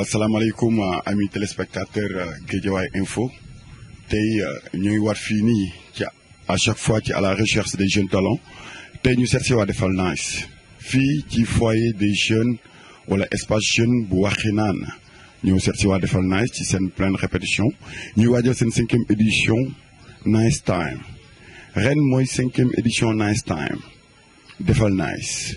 asalaamaaleykum euh, ami téléspectateur euh, Guédiawaye info tey ñuy war Nous nii ci à chaque fois ci à la recherche des jeunes talents nous ñu seet wa Defal Nice Fi ci foyer des jeunes wala espace jeune bu Wakhinane Ñu seet wa Defal Nice ci seen pleine répétition ñuy sen une cinquième édition Nice Time ren une cinquième édition Nice Time Defal Nice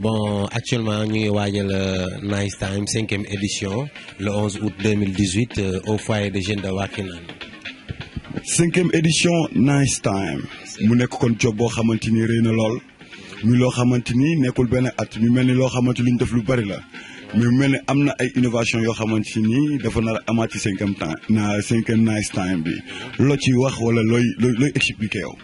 Bon, actuellement, nous euh, avons Nice Time 5e édition, le 11 août 2018, euh, au foyer des jeunes de Wakinan. 5e édition Nice Time. Nous avons fait un job qui est très important. Nous avons fait un job qui Nous avons fait un job qui est Nous avons ni am na ay innovation yoo xamante ni dafa nar a amaat ci cinquième temps na cinquième Nice Time bi loo ci wax wala looy looy expliquer yow.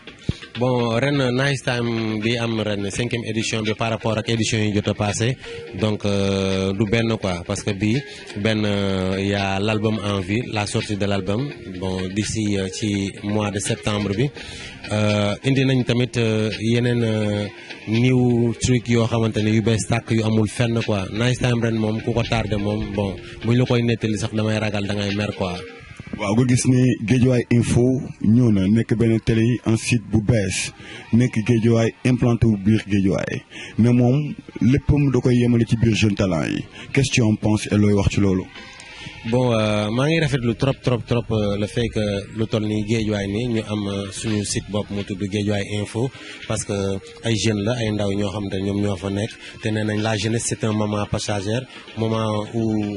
bon ren Nice Time bi am ren cinquième édition bi par rapport ak édition yi jot a passé donc euh, du benn quoi parce que bii benn euh, y a l' en vue la sortie de l' album bon d'ici euh, ci mois de septembre bi indi nañ tamit yeneen new truc yoo xamante ne yu ba tàkk yu amul fenn quoi Nice Time ren moom ku ko tardé moom bon mu ñu la koy nettali sax damay ragal da ngay mer quoi waaw nga gis ni géejuwaay info ñëw na nekk benn télé yi en site bu bees nekk géejuwaay implanté wu biir géejuwaay mais moom léppam da koy yemale ci biir jeune talent yi qu'est-ce que tu en penses et looy wax ci loolu. bon euh, maa ngi rafetlu trop trop trop euh, le fait que lu toll nii géejuwaay nii ñu am euh, suñu site bopp mu tudd géejuwaay info parce que ay jeunes la ay ndaw ñoo xam te ñoom ñoo fa nekk te nee la jeunesse c'est un moment passager, moment où.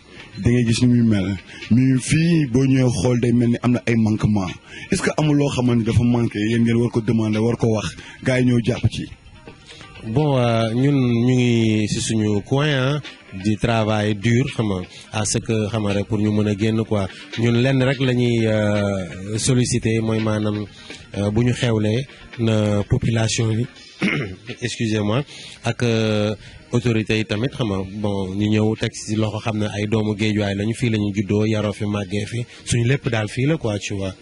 da ngay gis ni muy mel mais fii boo ñëwee xool day mel ni am na ay manquement est-ce que amul loo xamante ni dafa manqué yéen ngeen war ko demander war ko wax gaa yi ñoo jàpp ci. bon euh, ñun ñu ngi si suñu coin di travail dur xam nga à ce que xam nga rek pour ñu mën a génn quoi ñun lenn rek la ñuy euh, solliciter mooy maanaam euh, bu ñu xewlee na population bi excusez-moi ak. autorités tamit xam nga bon ñu ñëw teg si loxo xam ne ay doomu géejuwaay lañu fii la ñu juddoo yaroo fi màggee fi suñu lépp daal fii la ko tu vois.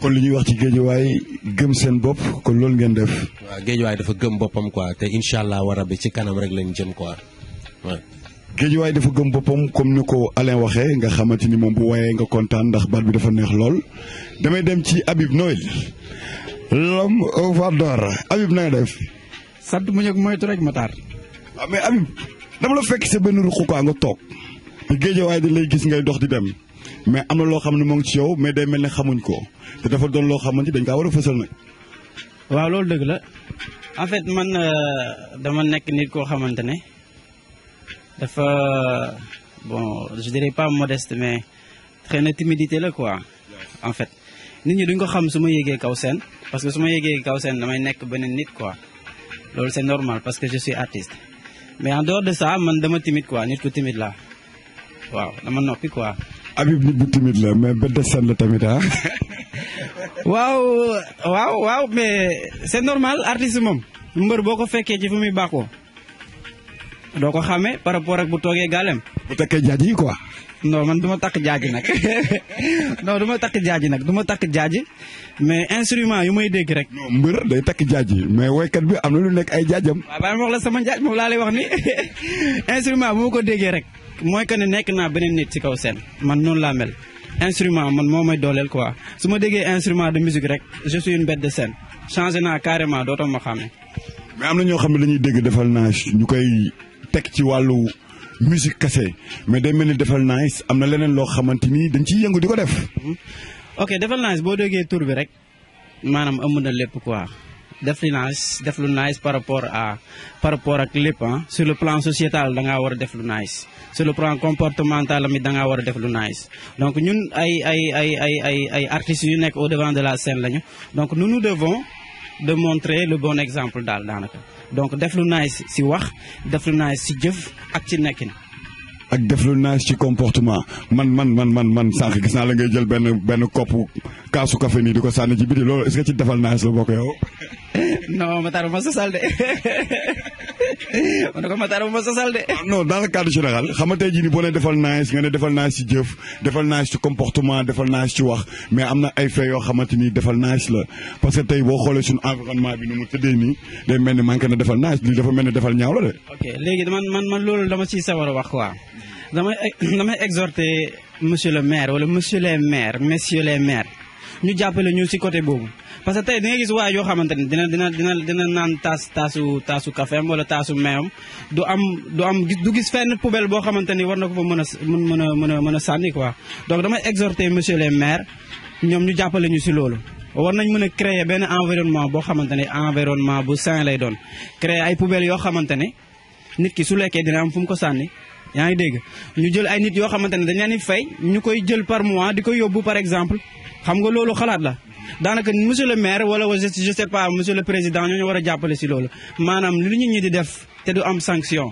kon li ñuy wax ci géejuwaay gëm seen bopp kon loolu ngeen def. waaw géejuwaay dafa gëm boppam quoi te incha allah war a ci kanam rek lañ jëm quoi waaw. géejuwaay dafa gëm boppam comme ni ko Alain waxee nga xamante ni moom bu wayee nga kontaan ndax baat bi dafa neex lool damay dem ci Habib Noël l'homme au fard d'or Habib na nga def. sant mu ñëw moytu rek Matar. waaw ah, mais Habib dama la fekk ci ben ruq ko nga tok toog géejewaay da lay gis ngay dox di dem mais amna lo xamni mo ngi ci yow mais day melni xamuñ ko te dafa doon lo xamante dañ kaa wara a fësal waaw lolou deug la en fait man euh, dama nek nit ko xamantene dafa bon je dirais pas modeste mais très na timidité la quoi en fait nit ñi duñ ko xam suma yégué kaw sen parce que suma yégué kaw sen damay nek benen nit quoi lolou c'est normal parce que je suis artiste. mais en dehors de ça man dama timide quoi nit ku timide la waaw dama noppi quoi. Habib nit bu timide la mais ba des seen la tamit ah. waaw waaw waaw mais c'est normal artiste moom mbër boo ko fekkee ci fu muy bàkkoo doo ko xamee par rapport ak bu toogee gàllem. bu tekkee jaaj yi quoi. non man du ma takk jaaji nag non du ma takk jaaji nag du takk jaaji mais instrument yu may dégg rek. non mbër day takk jaaji mais woykat bi am na lu nekk ay jaajam. waaw bàyyi ma wax la sama jaaj moom laa lay wax ni instrument bu ma ko déggee rek mooy que ne nekk naa beneen nit ci kaw seen man noonu laa mel instrument man moo may dooleel quoi su ma déggee instrument de musique rek je suis une bête de scène changé naa carrément dootoo ma xàmme. mais am na ñoo xam ne dañuy dégg defal naa koy teg ci wàllu. musique kese mais day mel ni defal nice am na leneen loo xamante ni dañ ciy yëngu di ko def. Mm-hmm. ok defal nice boo déggee tur rek maanaam amu na lépp quoi def lu nice def lu nice par rapport à par rapport ak lépp sur le plan sociétal da ngaa war a def lu nice sur le plan comportemental amit da ngaa war a def lu nice donc ñun ay ay ay ay ay ay artistes yu nekk au devant de la scène lañu donc nous nous devons. de montrer le bon exemple dal danaka donc def lu nice si wax def lu nice si jëf ak ci nekkin. ak def lu nice ci comportement man man man man man sànq gis na la ngay jël ben ben kopp kaasu café ni diko ko ci biti loolu est-ce que ci defal nice la bokk yow. non ma tar ma sa salde man na ko Matar bu ma sosal de. Ah, non dans le cadre général xam nga tey jii nii boo nee defal naa nga ne defal naa si jëf defal naa si comportement defal naa si wax mais am na ay fait yoo xamante ni defal naa la parce que tey boo xoolee suñu environnement bi nu mu tëddee nii day mel ni manqué na defal naa li dafa mel ni defal ñaaw la de. ok léegi man man man loolu dama ciy sawar a wax quoi damay damay exhorter monsieur le maire wala monsieur les maires messieurs les maires ñu jàppale ñu si côté boobu. parce que tey di nga gis waay yoo xamante ni dina dina dina dina naan taas taasu taasu kafeem wala taasu meewam du am du am du gis fenn poubelle boo xamante ni war na ko fa mën a mën a mën a a sànni quoi donc damay exhorter monsieur les maire ñoom ñu jàppale ñu si loolu war nañ mën a créer benn environnement boo xamante ne environnement bu sain lay doon créer ay poubelles yoo xamante ne nit ki su lekkee dina am fu mu ko sànni yaa ngi dégg ñu jël ay nit yoo xamante ne dañ leen di fay ñu koy jël par mois di ko yóbbu par exemple xam nga loolu xalaat la daanaka monsieur le maire wala wala je sais pas monsieur le président ñu wara jappalé ci lolu manam maanaam lu nit ñi di def té du am sanction.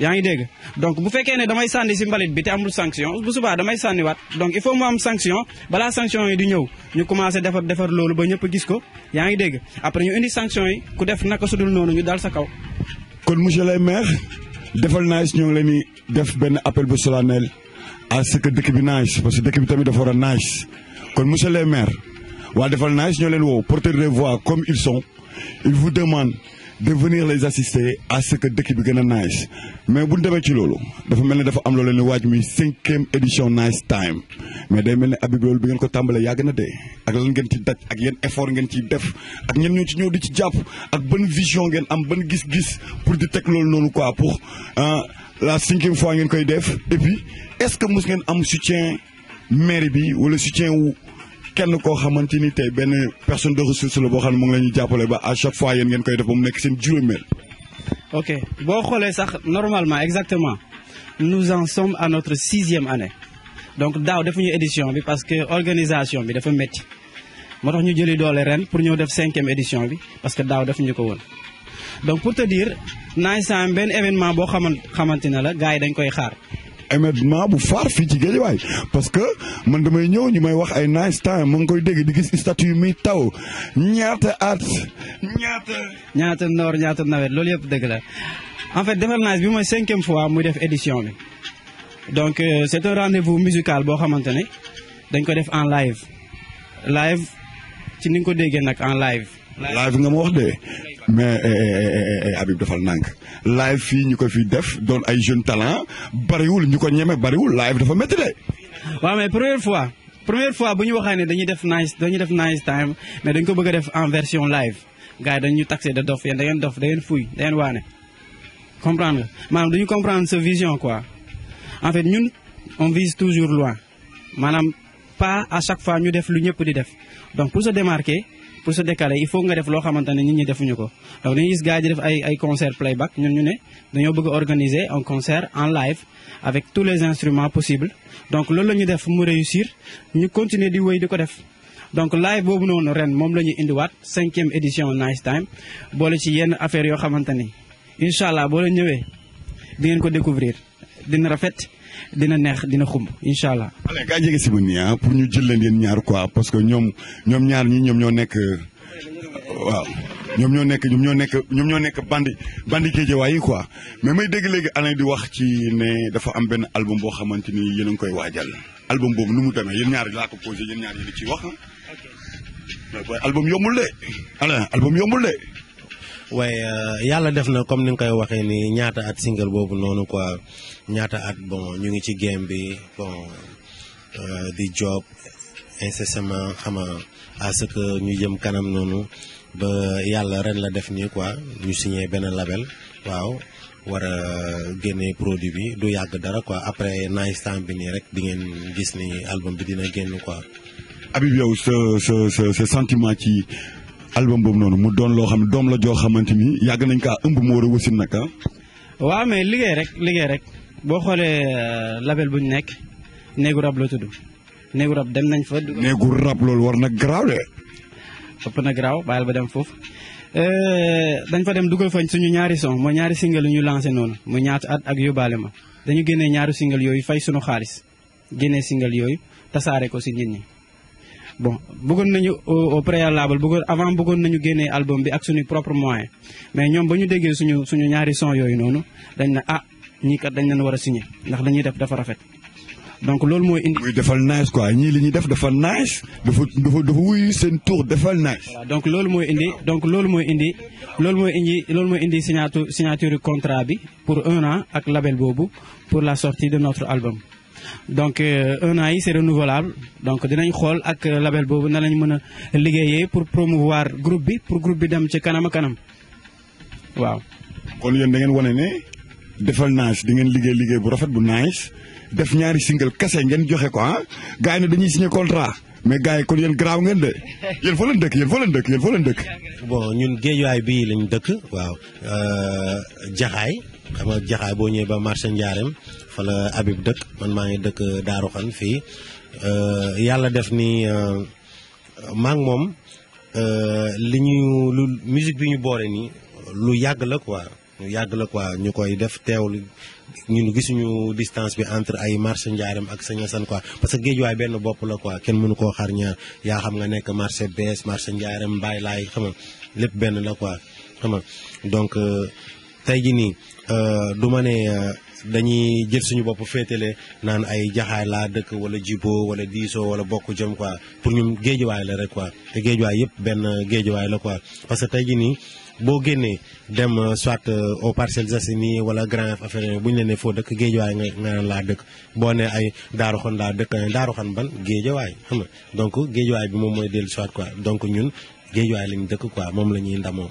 yaangi dégg donc bu féké né damay sandi ci mbalit bi te amul sanction bu suba damay sànniwaat donc il faut mu am sanction bala sanction yi di ñew ñu commencé défar défar lolu ba ñëpp gis ko yaangi dégg après ñu indi sanction yi ku def naka sudul nonu ñu dal sa kaw. kon monsieur le maire défal naa ñoo ngi leen di def ben appel bu solennel à ce que dëkk bi naaj parce que dëkk bi tamit dafa wara a kon monsieur le maire waa defal naa ñoo leen woo porteurs de voix comme ils sont ils vous demandent de venir les assister à ce que dëkk bi gën a nice mais bu ñu demee ci loolu dafa mel ne dafa am loolu la ñuy waaj muy cinquième édition nice time mais day mel ne Habib loolu bi ngeen ko tàmbalee yàgg na de ak lan ngeen ci daj ak yeen effort ngeen ciy def ak ñen ñoo ci ñëw di ci jàpp ak ban vision ngeen am ban gis-gis pour di teg loolu noonu quoi pour euh, la cinquième fois ngeen koy def et puis est-ce que mos ngeen am soutien maire bi wala soutien wu kenn koo xamante ni tey benn personne de ressource la boo xam ne mu ngi la ñu jàppale ba à chaque fois yéen ngeen koy def ba mu nekk seen juróomeel. ok boo xoolee sax normalement exactement nous en sommes à notre sixième année donc daaw defuñu édition bi parce que organisation bi dafa métti moo tax ñu jëli doole ren pour ñëw def cinquième édition bi parce que daaw defuñu ko woon. donc pour te dire naaj saa benn événement boo xamante xamante ne la gars yi dañ koy xaar émergement bu far fi ci Guédiawaye parce que man damay ñëw ñu may wax ay nice time ma ngi koy dégg di gis statue mi taw ñaata at ñaata. ñaata noor ñaata nawet loolu yëpp dëgg la en fait defal nice bi mooy cinquième fois muy def édition bi donc euh, c'est un rendez-vous musical boo xamante ne dañ ko def en live live ci ni nga ko déggee nag en live. live nga ma wax de mais eh, eh, eh, Habib dafal Nank live fi ñu ko fi def doon ay jeune talent bariwul ñu ko ñeme bariwul live dafa metti dé wa mais première fois première fois buñu ñu dañuy def nice dañuy def nice time mais dañ ko bëgg def en version live gars dañu taxé da dof yeen da ngeen dof da ngeen fuy da ngeen comprendre nga maanaam duñu comprendre sa vision quoi en fait ñun on vise toujours loin manam pas à chaque fois ñu def lu ñëpp di def donc pour se démarquer pour se décaler il faut nga def lo xamante nit ñi defuñu ko donc dañuy gis gaay yi def ay ay concert playback ñun ñu ne dañoo bëgg organiser un concert en live avec tous les instruments possibles donc loolu lañu def mu réussir ñu continuer di wëy di ko def donc live boobu noonu ren moom la ñuy indiwaat cinquième édition Nice Time boole ci yenn affaire yoo xamante ni incha allah boo ñëwee di ngeen ko découvrir dina rafet dina neex dina xum inshallah ale ga gaa jege si ma pour ñu jël leen yéen ñaar quoi parce que ñoom ñoom ñaar ñi ñoom ñoo nekk waaw ñoom ñoo nekk ñoom ñoo nekk ñoom ñoo nekk bandi bandi djéjé yi quoi mais may dégg léegi ana di wax ci ne dafa am benn album boo xamante ni yéen koy waajal album boobu nu mu demee yéen ñaar laa ko posé yéen ñaar yi di ci wax album yombul de. allez album yombul de. waaye euh, yàlla def na comme ni nga koy waxee ni ñaata at single boobu noonu quoi ñaata at bon ñu ngi ci game bi bon euh, di job incessamment xama à que ñu jëm kanam noonu ba yàlla ren la def nii quoi ñu signé benn label waaw war a génne produit bi du yàgg dara quoi après nice time bi nii rek di ngeen gis ni album bi dina génn quoi. Habib yow sa sa sa sentiment ci. album boobu noonu mu doon loo xam ne doom la joo xamante ni yàgg nañ kaa ëmb mu war a wasin nag waa ah? waaw mais liggéey rek liggéey rek boo xoolee euh, label bu ñu nekk néegu rab la tudd dem nañ fa. néegu rab loolu war na garaaw de. ëpp na garaaw bàyyil ba dem foofu euh, dañ fa dem dugal fa suñu ñaari son mooy ñaari single yu ñu lancé noonu mu ñaata at ak yóbbaale ma dañu génnee ñaari single yooyu fay suñu xaalis génnee single yooyu tasaare ko si nit ñi. bon bëggoon nañu euh, au préalable bëggoon avant bëggoon nañu génnee album bi ak suñu propre moyen mais ñom bañu déggé suñu suñu ñaari son yooyu noonu dañ na ah ñii kat dañ leen wara a signé ndax dañuy def dafa rafet donc lool moy indi. muy defal nice quoi ñi li ñi def dafa nice dafa dafa dafa wuyu seen tour defal nice. voilà donc lool moy indi donc lool moy indi lool moy indi lool moy indi signature signature contrat bi pour un an ak label bobu pour la sortie de notre album. donc euh, un an yi c'est renouvelable donc dinañ xool ak euh, label boobu na lañ mën a liggéeyee pour promouvoir groupe bi pour groupe bi dem ci kanam a kanam waaw. kon yéen da ngeen wane ne defal nice di ngeen liggéey liggéey bu rafet bu nice def ñaari single kese ngeen joxe ko ah gars yi ne dañuy signé contrat mais gars yi kon yéen garaaw ngeen de yéen foo leen dëkk yéen foo leen dëkk yéen foo leen dëkk. bon ñun géejuwaay bii lañ dëkk waaw euh, jaxaay. xam nga jaxaay boo ñëwee ba marché Ndiarème fa la Habib dëkk man maa ngi dëkk Daaru Xan fii euh, yàlla def ni euh, maa ngi moom euh, li ñu lu musique bi ñu boole nii lu yàgg la quoi lu yàgg la quoi ñu koy def teewlu ñun gisuñu distance bi entre ay marché Ndiarème ak Sëñ Assane quoi parce que géejuwaay benn bopp la quoi kenn mënu koo xar ñaar yaa xam nga nekk marché bees marché Ndiarème Mbaye laay xam lépp benn la quoi xam nga donc tey ji nii. Euh, du ma ne euh, dañuy jël suñu bopp féetale naan ay jaxaay laa dëkk wala jibo wala diisoo wala bokk jëm quoi pour ñu géejuwaay la rek quoi te géejuwaay yëpp benn géejuwaay la quoi parce que tey jii nii boo génnee dem euh, soit au Parcelles Assainies wala Grand affaire bu ñu la foo dëkk géejawaay nga nga laa dëkk boo ne ay daaru xan laa dëkk daaru xan ban géejawaay xam nga donc géejawaay bi moom mooy dellu soit quoi donc ñun géejawaay lañ dëkk quoi moom la ñuy ndamoo.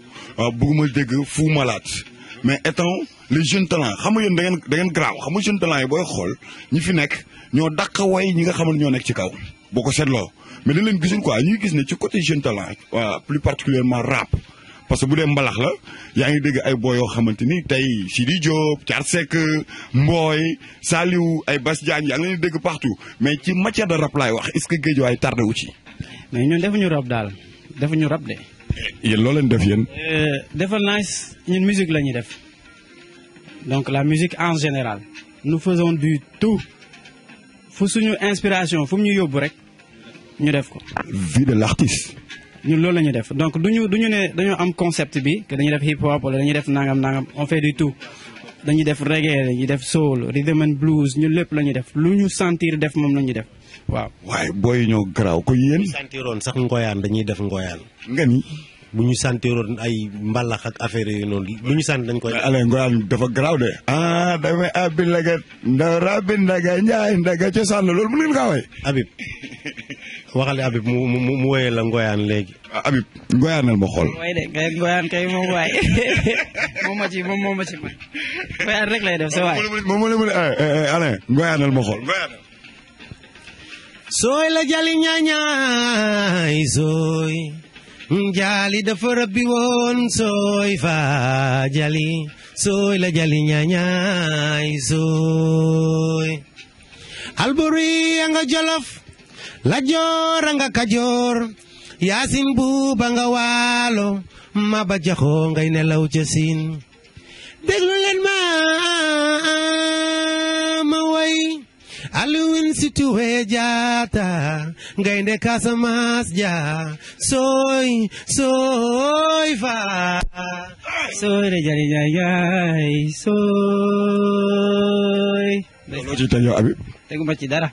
Euh, bëgguma dégg Fou Malade mais étant les jeunes talents xam yoon yéen da ngeen da ngeen garaaw xam nga jeunes talents yi booy xool ñi fi nekk ñoo daq woy ñi nga xam ne ñoo nekk ci kaw boo ko seetloo mais dañ leen gisuñ quoi ñu gis ne ci côté jeunes talents waa plus particulièrement rap parce que bu dee mbalax la yaa ngi dégg ay boo yoo xamante ni tey Sidi Diop Thiat Seck Mboy Saliou ay Bas Diagne yaa ngi leen dégg partout mais ci matière de rap laay wax est géej waay tardé wu ci. mais ñun defuñu rap daal defuñu rap de. yéen loo leen def yéen. Euh, defal naa ñun musique la ñuy def donc la musique en général nous faisons du tout fu suñu inspiration fu mu ñu yóbbu rek ñu def ko. vie de l'artiste. ñun loolu la def donc du ñu du ñu ne dañoo am concept bi que dañuy def hip hop wala dañuy def nangam nangam on fait du tout dañuy def reggae dañuy def soul rhythm and blues ñun lépp la ñuy def lu sentir def moom la def. waaw waaye booy ñoo garaaw ko yéen. sax ngooyaan dañuy def ngooyaan. nga ni. bu ñu santiroon ay mbalax ak affaire yooyu noonu bu ñu sant dañ koy. ale ngooyaan dafa garaaw de. ah damay abbi ndaga mu mu léegi. Ah, Habib ngooyaanal ma xool. sooy la jali ñaañaay sooy jali dafa rëbbi woon sooy fa jali sooy la jali ñaañaay sooy alburi anga jolof lajoor anga kajoor yaasin buuba nga waalo maba jaxoo ngay nelaw ca siin déglu leen ma aluin situ Diatta gaende kasamas ja soy soy fa soy de jali jaay soy lo ci tey yow ya, Habib. ma ci dara.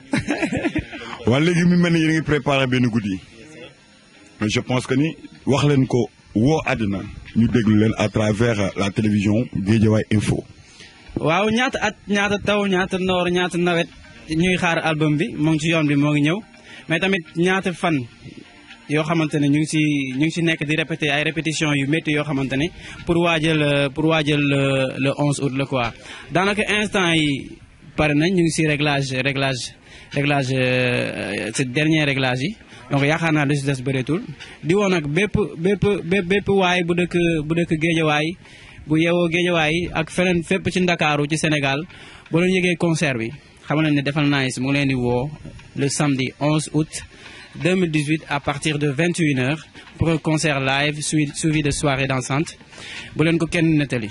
walé gi mi melni ni yéen a ngi préparé benn guddi mais nah, je pense que ni wax len ko wo àddina ñu déglu len à travers la télévision Guédiawaye Info. waaw ñaata at ñaata taw ñaata nor ñaata nawet. ñuy xaar album bi moo ngi ci yoon bi moo ngi ñëw mais tamit ñaata fan yoo xamante ne ñu ngi si ñu ngi si nekk di répété ay répétition yu métti yoo xamante ne pour waajal pour waajal euh, le 11 août la quoi daanaka instant yi pare nañ ñu ngi si réglage réglage réglage euh, ces dernier réglage yi donc yaakaar naa lu si des bëreetul di woon nag bépp bépp bépp waay bu dëkk bu dëkk géejawaay bu yeewoo géejawaay ak feneen fépp ci ndakaaru ci Sénégal ba doon yëgee concert bi Je vous ne defal nice mo ngi di le samedi 11 août 2018 à partir de 21h pour un concert live suivi de soirée dansante bu len ko kenn netali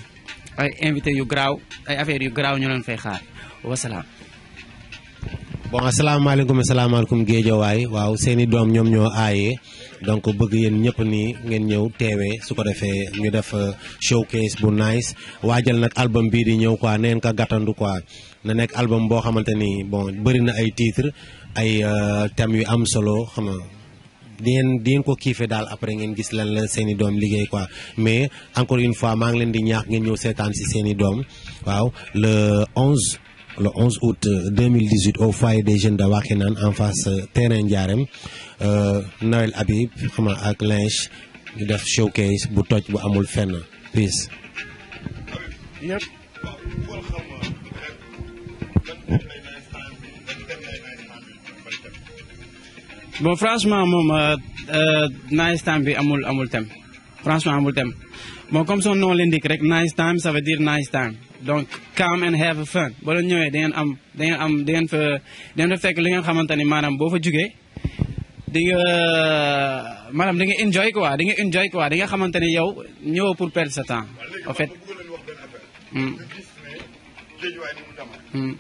ay invité yu graw ay affaire yu graw ñu len fay xaar salaam bon asalaamaaleykum asalaamaaleykum géejawaay waaw seeni doom ñoom ñoo aayee donc bëgg yéen ñëpp nii ngeen ñëw teewe su ko defee ñu def euh, showcase bu nice waajal nag album bii di ñëw quoi neen ko gàttandu quoi na nekk album boo xamante ni bon bëri na ay titre ay euh, thèmes yu am solo xam nga di ngeen di ko kiife daal après ngeen gis lan la seeni i doom liggéey quoi mais encore une fois maa ngi leen di ñaax ngeen ñëw seetaan si seen i doom waaw le le 11 août 2018 euh, au foyer des jeunes de en face euh, terrain Ndiarème euh, Noël Habib xama ak Lynch ñu def showcase bu toj bu amul fenn peace bon franchement moom nice time bi amul amul thème franchement amul thème bon comme son nom l'indique rek nice time ça veut dire nice time donc come and have fun ba leen ñëwee da ngeen am da am da fa da ngeen fekk li nga xamante ni maanaam boo fa jugee di nga maanaam di nga enjoy quoi di nga enjoy quoi di nga xamante ni yow ñëwoo pour perdre sa temps en fait. Hmm. Hmm.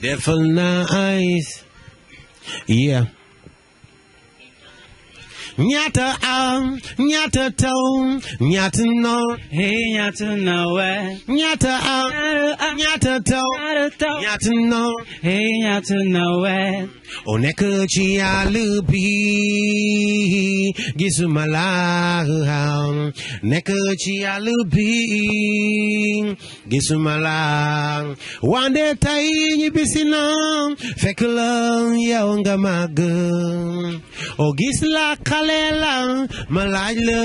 defal naa ice yeah Nyata um, nyata to, nyata no, hey nyata noe. Nyata um, nyata to, nyata no, hey nyata noe. onekji alubi gisumala nekji alubi gisumala wande tay ñi bisina fekk la yow nga màgg o gis la xale la ma laaj la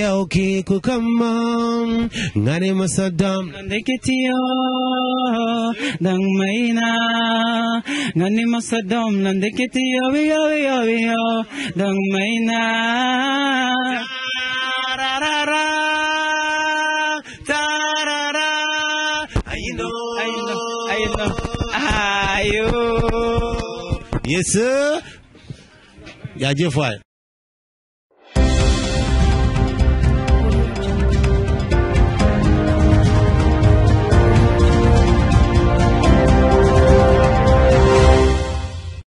yow ki ku kam nga ne ma sa doom ndekete yow dang maina ngani masadom nande kiti avi avi avi dang maina ra ra ra ta ra ra ayno oh. ayno ayno oh. ayo yesu ya je foi